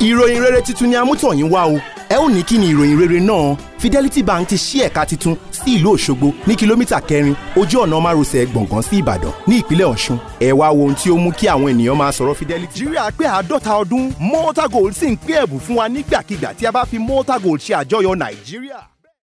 ìròyìn rere tuntun ni amútọ̀yìn wá o ẹ ó ní kí ni ìròyìn rere náà Fidelity Bank ti ṣí ẹ̀ka tuntun sí ìlú Òṣogbo ní kìlómítà kẹrin ojú ọ̀nà márosẹ̀ gbọ̀ngàn sí Ìbàdàn ní ìpínlẹ̀ Ọ̀ṣun ẹ wá wo ohun tí ó mú kí àwọn ènìyàn máa sọ̀rọ̀ Fidelity. Nàìjíríà pé àádọ́ta ọdún Malta Gold sì ń pín ẹ̀bùn fún wa nígbàkigbà tí a bá fi Malta Gold ṣe àjọyọ̀ Nàìjíríà.